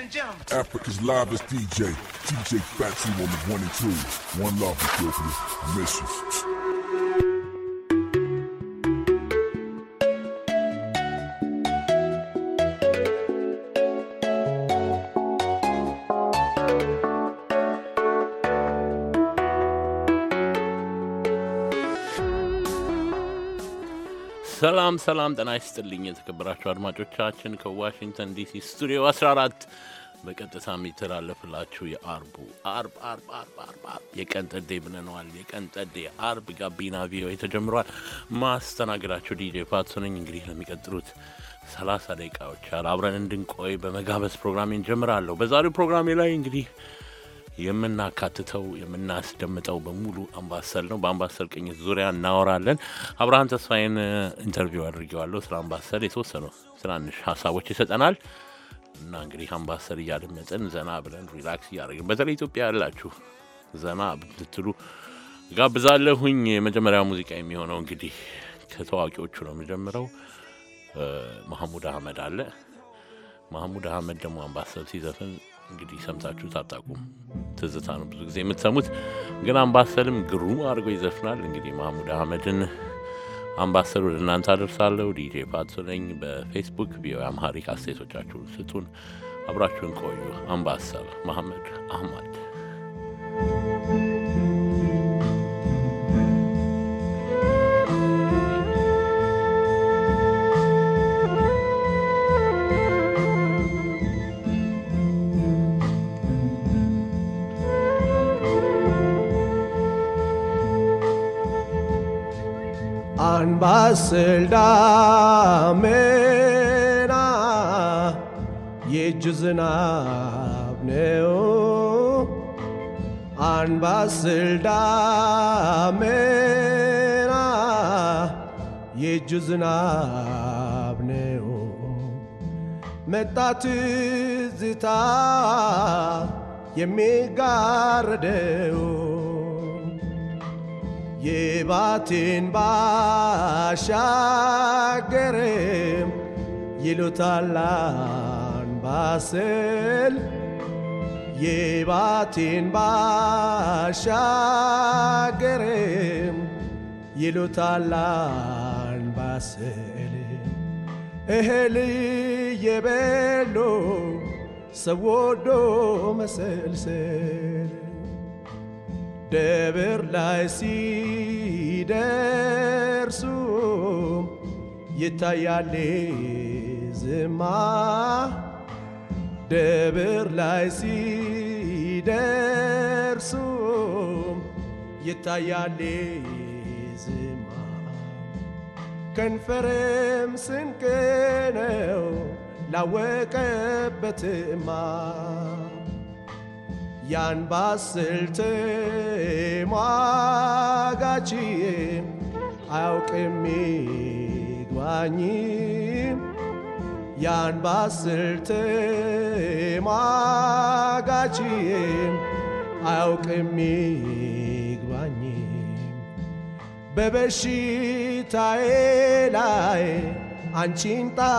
and gentlemen. Africa's livest DJ, DJ Fatsy on the one and two. One love, you I miss you. ሰላም ሰላም፣ ጤና ይስጥልኝ የተከበራችሁ አድማጮቻችን ከዋሽንግተን ዲሲ ስቱዲዮ 14 በቀጥታ የሚተላለፍላችሁ የአርቡ አርብ አርብ አርብ አርብ አርብ የቀን ጠዴ ብለነዋል። የቀን ጠዴ አርብ ጋቢና ቪኦኤ ተጀምሯል። ማስተናገዳችሁ ዲጄ ፋትሱ ነኝ። እንግዲህ ለሚቀጥሉት 30 ደቂቃዎች አብረን እንድንቆይ በመጋበዝ ፕሮግራሜ እንጀምራለሁ። በዛሬው ፕሮግራሜ ላይ እንግዲህ የምናካትተው የምናስደምጠው በሙሉ አምባሰል ነው። በአምባሰል ቅኝት ዙሪያ እናወራለን። አብርሃን ተስፋዬን ኢንተርቪው አድርጌዋለሁ። ስለ አምባሰል የተወሰኑ ትናንሽ ሀሳቦች ይሰጠናል እና እንግዲህ አምባሰል እያደመጥን ዘና ብለን ሪላክስ እያደረግን በተለይ ኢትዮጵያ ያላችሁ ዘና ብትሉ ጋብዛለሁኝ። የመጀመሪያ ሙዚቃ የሚሆነው እንግዲህ ከታዋቂዎቹ ነው የምጀምረው። መሐሙድ አህመድ አለ። መሐሙድ አህመድ ደግሞ አምባሰል ሲዘፍን እንግዲህ ሰምታችሁት አታውቁም። ትዝታ ነው ብዙ ጊዜ የምትሰሙት። ግን አምባሰልም ግሩም አድርጎ ይዘፍናል። እንግዲህ ማህሙድ አህመድን አምባሰል ወደ እናንተ አደርሳለሁ። ዲጄ ፋቱ ነኝ። በፌስቡክ ቪኦኤ አምሃሪክ አስተያየቶቻችሁን ስጡን። አብራችሁን ቆዩ። አምባሰል መሐመድ አህመድ ስልዳምና የእጅ ዝናብ ነው አንባስልዳምና የእጅ ዝናብ ነው መጣ ትዝታ የሚጋርደው የባቲን ባሻገርም ይሉታል አንባሰል የባቴን ባሻገርም ይሉታል አንባሰል እህል የበሎ ሰው ወዶ መሰልሰል ደብር ላይ ሲደርሱ ይታያል ዝማ ደብር ላይ ሲደርሱ ይታያል ዝማ ከንፈርም ስንቅ ነው ላወቀበትማ jan bazeltze magatxie aukemi guaini jan bazeltze magatxie aukemi guaini bebesita elae de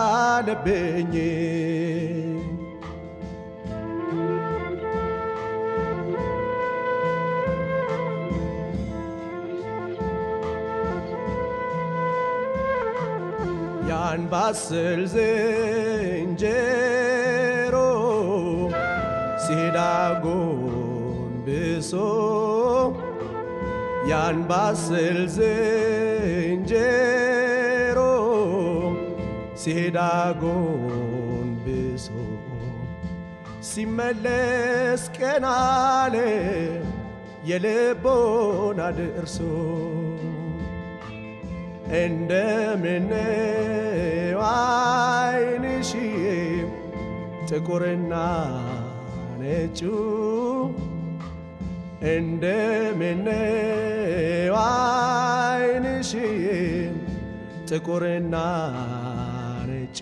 lebeñe ያንባስል ዝንጀሮ ሲዳጎን ብሶ ያንባስል ዝንጀሮ ሲዳጎን ብሶ ሲመለስ ቀናለ የልቦና ድርሶ እንደምነው አይንሽዬ ጥቁርና ነጩ እንደምነው አይንሽዬ ጥቁርና ነጩ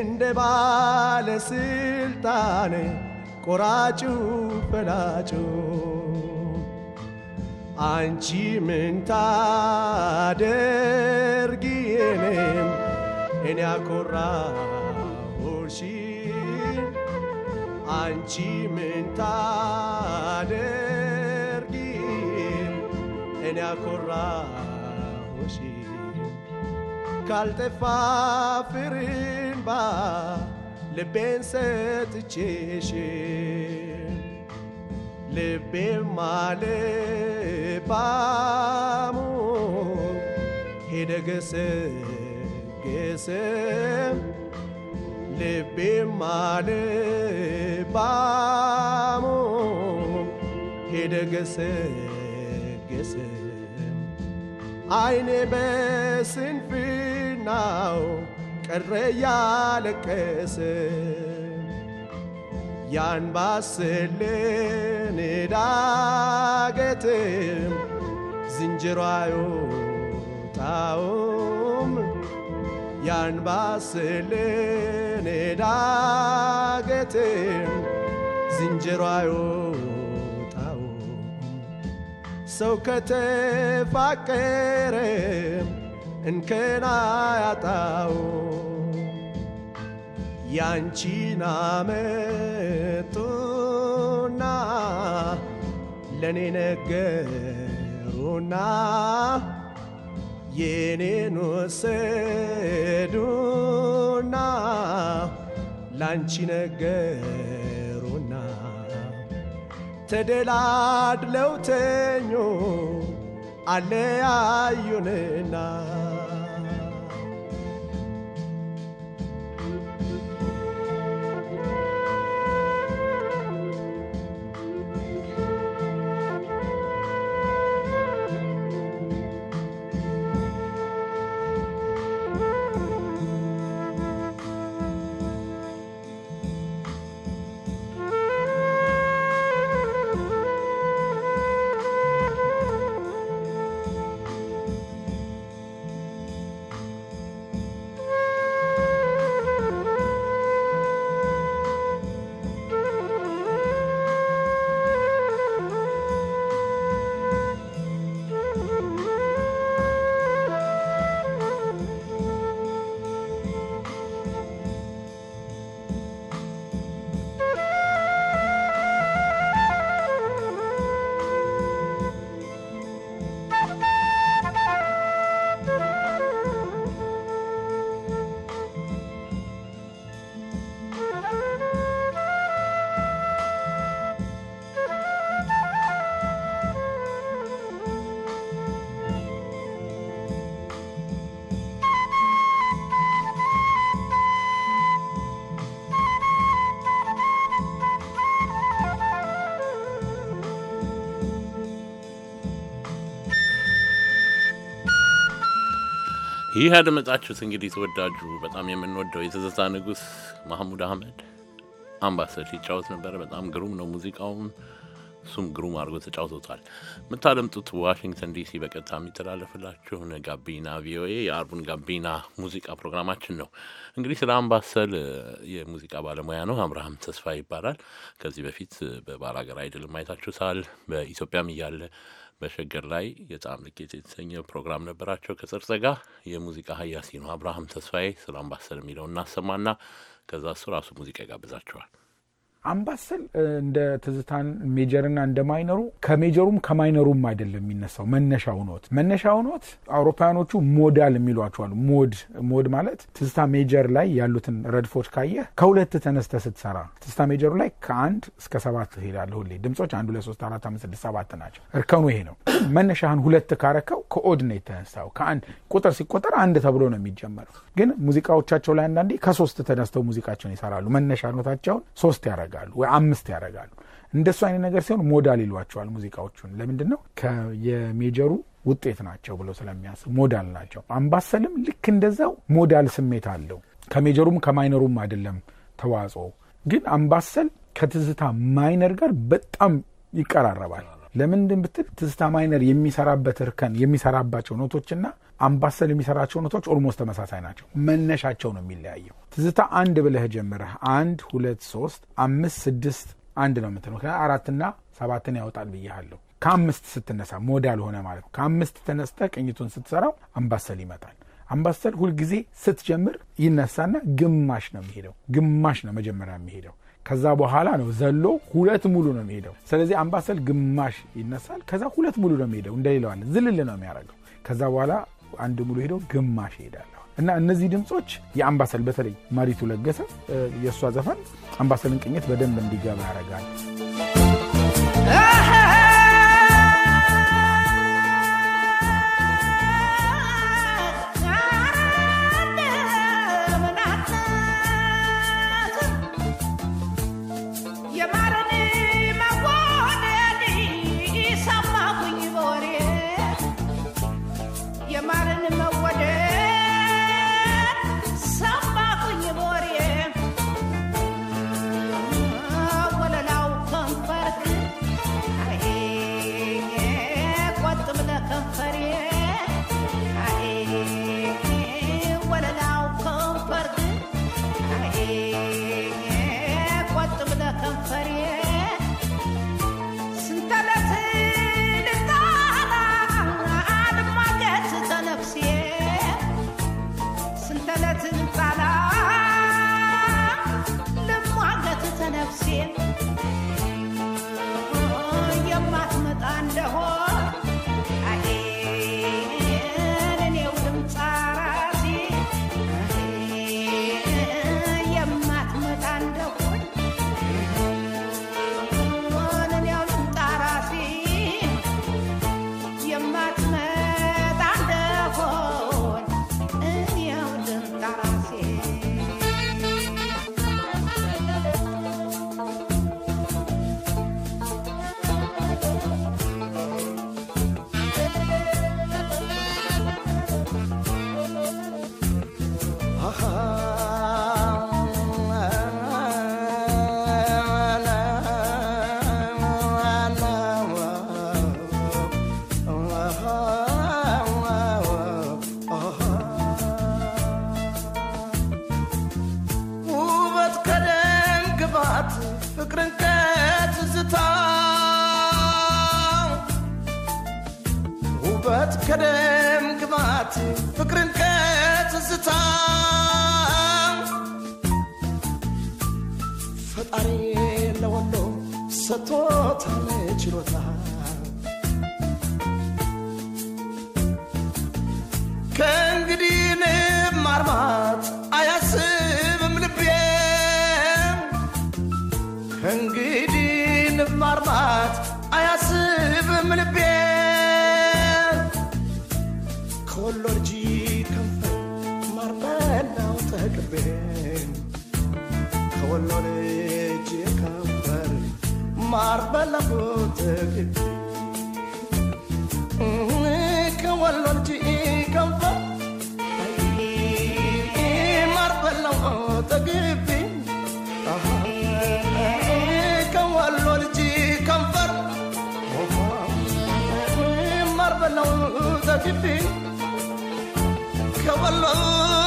እንደ ባለስልጣን ቆራጩ ፈላጩ አንቺ ምን ታደርጊ እኔም እኔ አኮራሁሽ አንቺ ምን ታደርጊ እኔ አኮራሁሽ ካልጠፋ ፍርንባ ልቤን ሰጥቼሽ ልቤ ማለት ባሙ ሄደ ልቤ ልቤማ ልባሙ ሄደ ገሰገሰ አይኔ በስንፍናው ቀረ ያለቀሰ ያንባስልን ዳገትም ዝንጀሯዮ ጣውም ያንባስልን ዳገትም ዝንጀሯዮ ሰው ከተፋቀረም እንከና ያጣውም ያንቺን አመጡና ለእኔ ነገሩና የኔን ወሰዱና ላንቺ ነገሩና ተደላድለው ተኙ አለያዩንና ይህ ያደመጣችሁት እንግዲህ ተወዳጁ በጣም የምንወደው የትዝታ ንጉስ ማህሙድ አህመድ አምባሰል ሲጫወት ነበረ። በጣም ግሩም ነው ሙዚቃውም፣ እሱም ግሩም አድርጎ ተጫውቶታል። የምታደምጡት ዋሽንግተን ዲሲ በቀጥታ የሚተላለፍላችሁን ጋቢና ቪኦኤ የአርቡን ጋቢና ሙዚቃ ፕሮግራማችን ነው። እንግዲህ ስለ አምባሰል የሙዚቃ ባለሙያ ነው አብርሃም ተስፋ ይባላል። ከዚህ በፊት በባል ሀገር አይድል ማየታችሁታል። በኢትዮጵያም እያለ በሸገር ላይ የጣዕም ልኬት የተሰኘ ፕሮግራም ነበራቸው። ከጽርጽ ጋ የሙዚቃ ሀያሲ ነው አብርሃም ተስፋዬ ስለ አምባሰል የሚለው እናሰማና ከዛ እሱ ራሱ ሙዚቃ ይጋብዛቸዋል። አምባሰል እንደ ትዝታን ሜጀርና እንደ ማይነሩ ከሜጀሩም ከማይነሩም አይደለም የሚነሳው። መነሻው ኖት መነሻው ኖት አውሮፓውያኖቹ ሞዳል የሚሏቸዋሉ ሞድ ሞድ ማለት ትዝታ ሜጀር ላይ ያሉትን ረድፎች ካየህ ከሁለት ተነስተ ስትሰራ ትዝታ ሜጀሩ ላይ ከአንድ እስከ ሰባት ትሄዳለህ። ሁሌ ድምጾች አንድ፣ ሁለት፣ ሶስት፣ አራት፣ አምስት፣ ስድስት፣ ሰባት ናቸው። እርከኑ ይሄ ነው። መነሻህን ሁለት ካረከው ከኦድ ነው የተነሳው። ከአንድ ቁጥር ሲቆጠር አንድ ተብሎ ነው የሚጀመረው። ግን ሙዚቃዎቻቸው ላይ አንዳንዴ ከሶስት ተነስተው ሙዚቃቸውን ይሰራሉ። መነሻ ኖታቸውን ሶስት ያደርጋል። ያደርጋሉ ወይ አምስት ያደርጋሉ። እንደሱ አይነት ነገር ሲሆን ሞዳል ይሏቸዋል ሙዚቃዎቹን። ለምንድን ነው የሜጀሩ ውጤት ናቸው ብሎ ስለሚያስ ሞዳል ናቸው። አምባሰልም ልክ እንደዛው ሞዳል ስሜት አለው። ከሜጀሩም ከማይነሩም አይደለም ተዋጽኦ። ግን አምባሰል ከትዝታ ማይነር ጋር በጣም ይቀራረባል። ለምንድን ብትል ትዝታ ማይነር የሚሰራበት እርከን የሚሰራባቸው ኖቶችና አምባሰል የሚሰራቸው እውነቶች ኦልሞስት ተመሳሳይ ናቸው። መነሻቸው ነው የሚለያየው። ትዝታ አንድ ብለህ ጀምረህ አንድ ሁለት ሶስት አምስት ስድስት አንድ ነው የምትለው ምክንያት አራትና ሰባትን ያወጣል ብያለሁ። ከአምስት ስትነሳ ሞዳል ሆነ ማለት ነው። ከአምስት ተነስተ ቅኝቱን ስትሰራው አምባሰል ይመጣል። አምባሰል ሁልጊዜ ስትጀምር ይነሳና ግማሽ ነው የሚሄደው። ግማሽ ነው መጀመሪያ የሚሄደው። ከዛ በኋላ ነው ዘሎ ሁለት ሙሉ ነው የሚሄደው። ስለዚህ አምባሰል ግማሽ ይነሳል። ከዛ ሁለት ሙሉ ነው የሚሄደው። እንደሌለዋለ ዝልል ነው የሚያደርገው። ከዛ በኋላ አንድ ሙሉ ሄደው ግማሽ ይሄዳለሁ እና እነዚህ ድምፆች የአምባሰል በተለይ ማሪቱ ለገሰ የእሷ ዘፈን አምባሰልን ቅኝት በደንብ እንዲገባ ያደርጋል። marbalabooteef kan waloon ji'i kan fa marbalaboote geefi kan waloon ji'i kan fa marbalaboote geefi kan waloon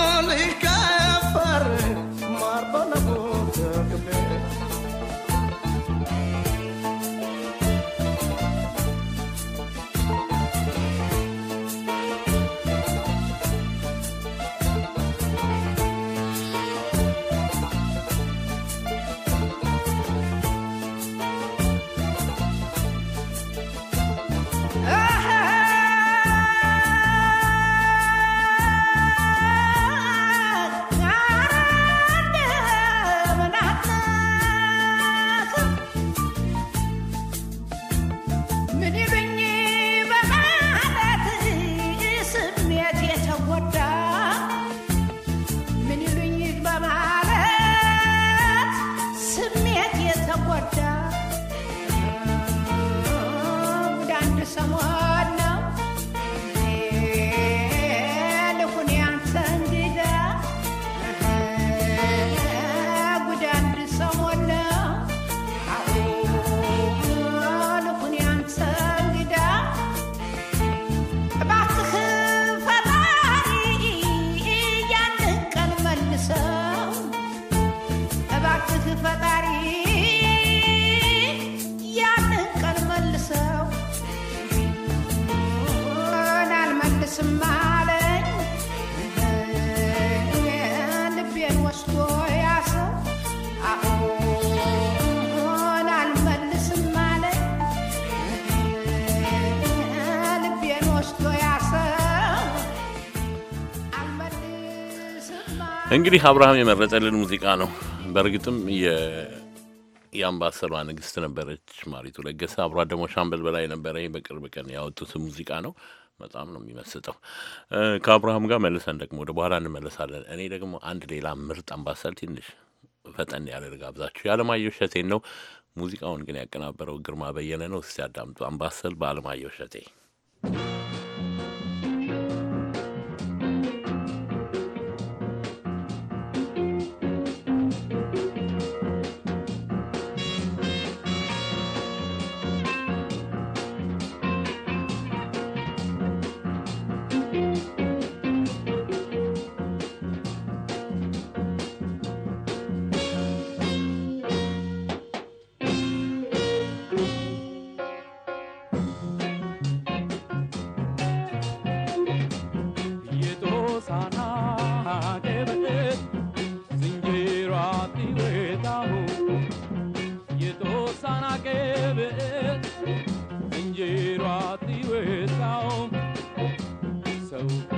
እንግዲህ አብርሃም የመረጠልን ሙዚቃ ነው። በእርግጥም የአምባሰሏ ንግስት ነበረች ማሪቱ ለገሰ፣ አብሮ ደግሞ ሻምበል በላይ ነበረ። በቅርብ ቀን ያወጡት ሙዚቃ ነው። በጣም ነው የሚመስጠው። ከአብርሃም ጋር መልሰን ደግሞ ወደ በኋላ እንመለሳለን። እኔ ደግሞ አንድ ሌላ ምርጥ አምባሰል ትንሽ ፈጠን ያደርግ አብዛችሁ የአለማየሁ እሸቴን ነው። ሙዚቃውን ግን ያቀናበረው ግርማ በየነ ነው። እስቲ አዳምጡ። አምባሰል በአለማየሁ እሸቴ Oh.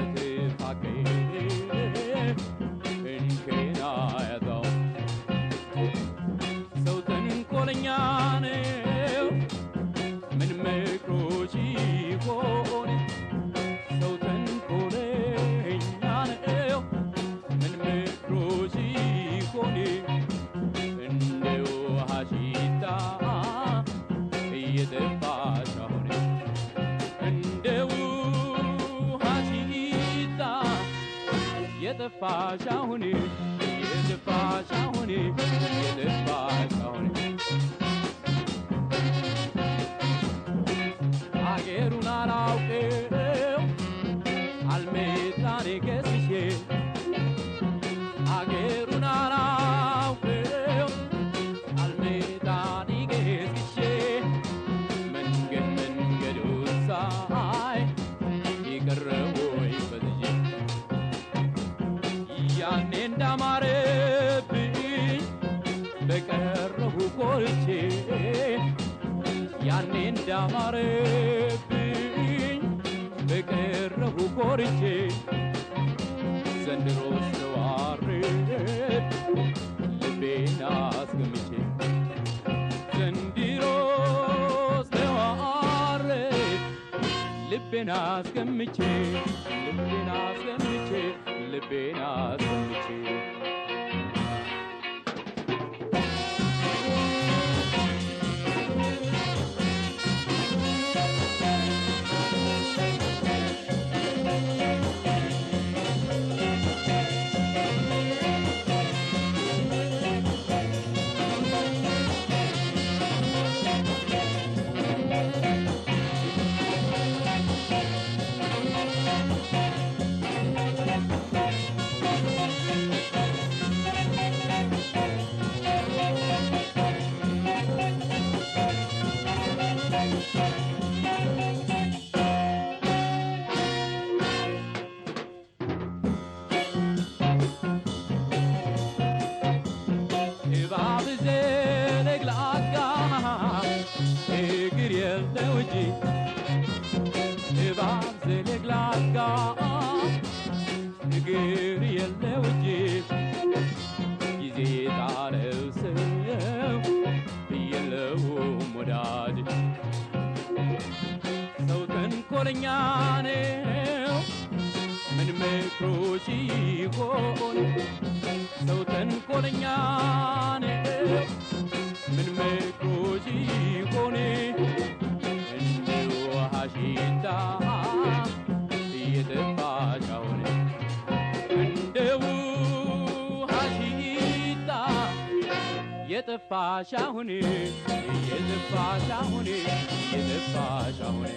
ያማረብኝ በቀረቡ ኮርቼ ዘንድሮ ሸዋርድ ልቤን አስገምቼ ዘንድሮ ሸዋርድ ልቤን አስገምቼ ልቤን አስገምቼ ልቤን አስገምቼ ሻሁኔ እየጠፋ ሻሁኔ እየጠፋ ሻሁኔ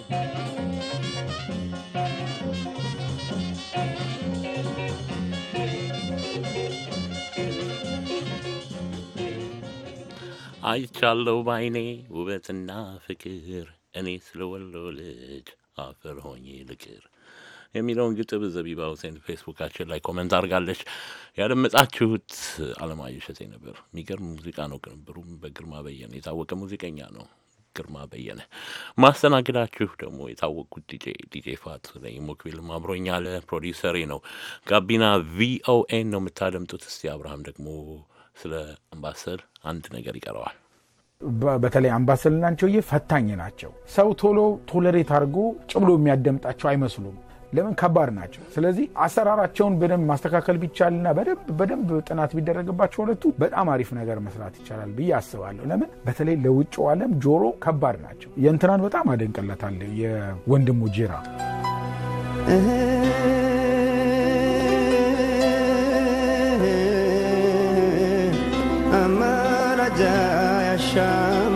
አይቻለው ባይኔ ውበትና ፍቅር እኔ ስለ ወሎ ልጅ አፈር ሆኜ ልቅር የሚለውን ግጥብ ዘቢባ ሁሴን ፌስቡካችን ላይ ኮመንት አድርጋለች። ያደመጣችሁት አለማየሁ እሸቴ ነበር። የሚገርም ሙዚቃ ነው። ቅንብሩም በግርማ በየነ የታወቀ ሙዚቀኛ ነው። ግርማ በየነ ማስተናግዳችሁ ደግሞ የታወቁት ዲጄ ዲጄ ፋት ነኝ። ሞክቢል አብሮኝ ያለ ፕሮዲውሰሬ ነው። ጋቢና ቪኦኤን ነው የምታደምጡት። እስቲ አብርሃም ደግሞ ስለ አምባሰል አንድ ነገር ይቀረዋል። በተለይ አምባሰልና ፈታኝ ናቸው። ሰው ቶሎ ቶለሬት አድርጎ ጭብሎ የሚያደምጣቸው አይመስሉም። ለምን ከባድ ናቸው። ስለዚህ አሰራራቸውን በደንብ ማስተካከል ቢቻልና በደንብ በደንብ ጥናት ቢደረግባቸው ሁለቱ በጣም አሪፍ ነገር መስራት ይቻላል ብዬ አስባለሁ። ለምን በተለይ ለውጭው ዓለም ጆሮ ከባድ ናቸው። የእንትናን በጣም አደንቅለታለሁ የወንድሙ ጄራ መረጃ ያሻም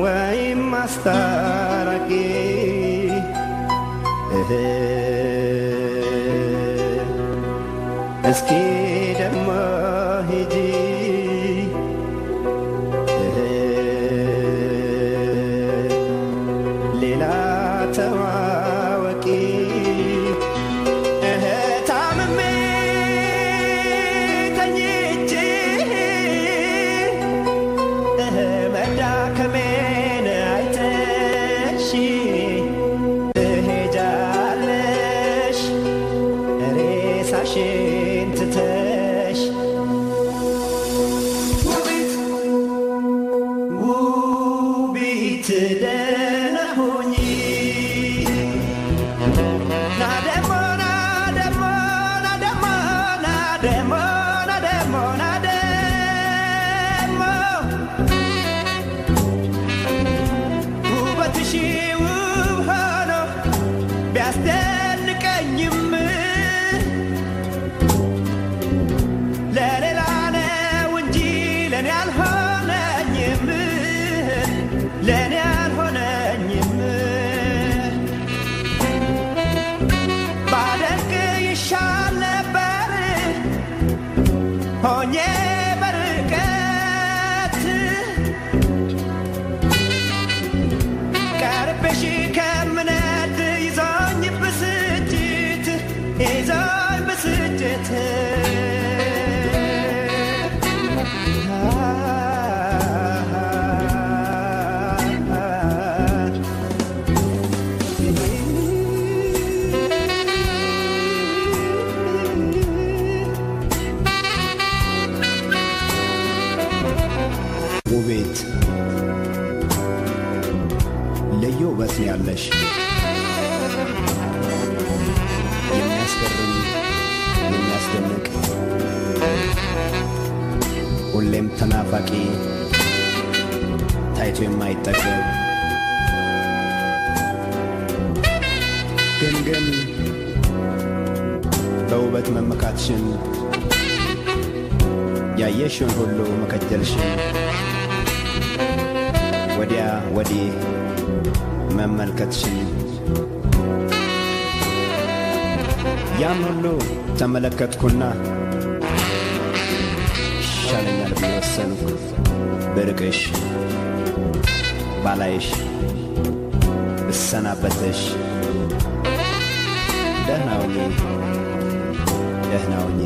vai é mais estar aqui. É, é. morre de የሚያስገርም የሚያስደንቅ ሁሌም ተናፋቂ ታይቶ የማይጠገብ ግን ግን በውበት መመካትሽን ያየሽን ሁሉ መከጀልሽን ወዲያ ወዲህ መመልከትሽን ያን ሁሉ ተመለከትኩና ይሻለኛል ብዬ ብርቅሽ ባላይሽ ብሰናበትሽ ደህናውኝ ደህናውኝ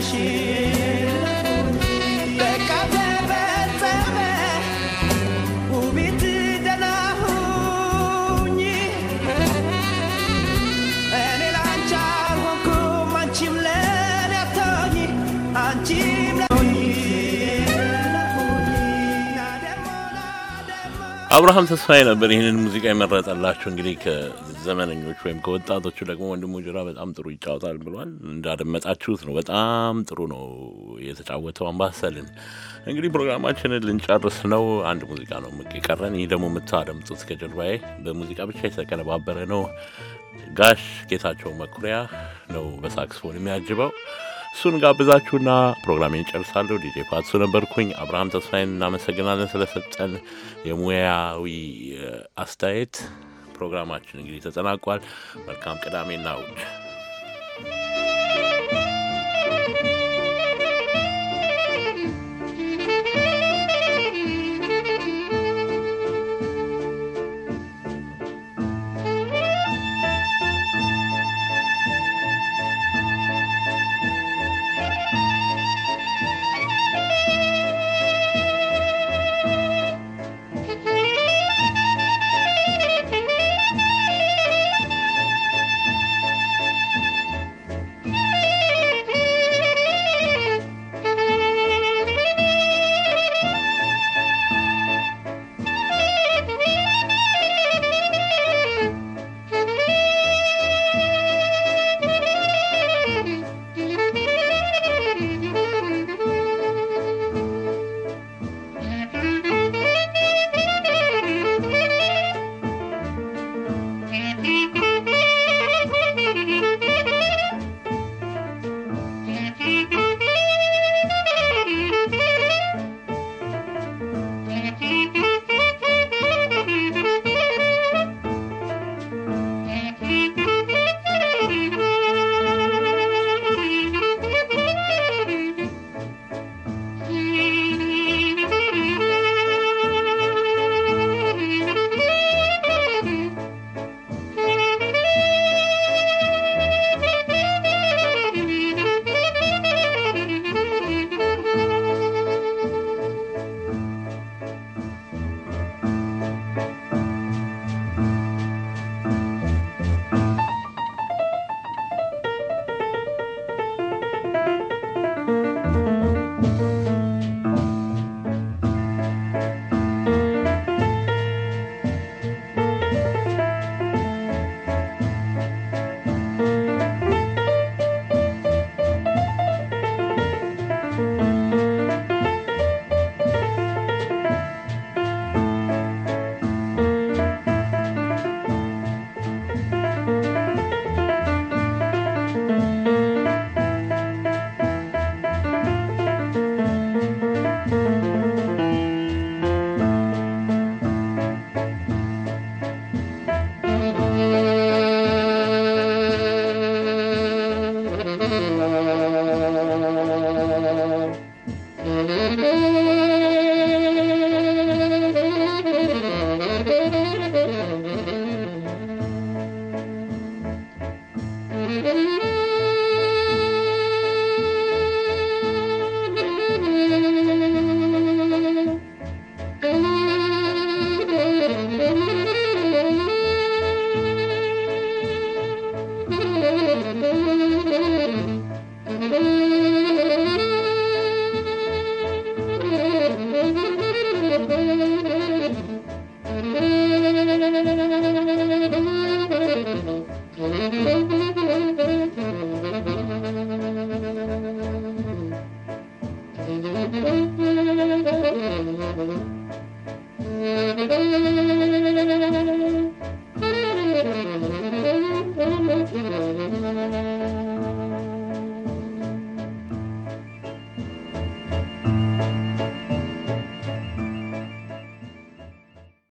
心。አብርሃም ተስፋዬ ነበር ይህንን ሙዚቃ የመረጠላቸው። እንግዲህ ከዘመነኞች ወይም ከወጣቶቹ ደግሞ ወንድሙ ጅራ በጣም ጥሩ ይጫወታል ብሏል። እንዳደመጣችሁት ነው። በጣም ጥሩ ነው የተጫወተው አምባሰልን። እንግዲህ ፕሮግራማችንን ልንጨርስ ነው። አንድ ሙዚቃ ነው የቀረን። ይህ ደግሞ የምታደምጡት ከጀርባዬ በሙዚቃ ብቻ የተቀነባበረ ነው። ጋሽ ጌታቸው መኩሪያ ነው በሳክስፎን የሚያጅበው። እሱን ጋብዛችሁና ፕሮግራሜን ጨርሳለሁ። ዲጄ ፋሱ ነበርኩኝ። አብርሃም ተስፋዬን እናመሰግናለን ስለሰጠን የሙያዊ አስተያየት። ፕሮግራማችን እንግዲህ ተጠናቋል። መልካም ቅዳሜና እሑድ 嗯。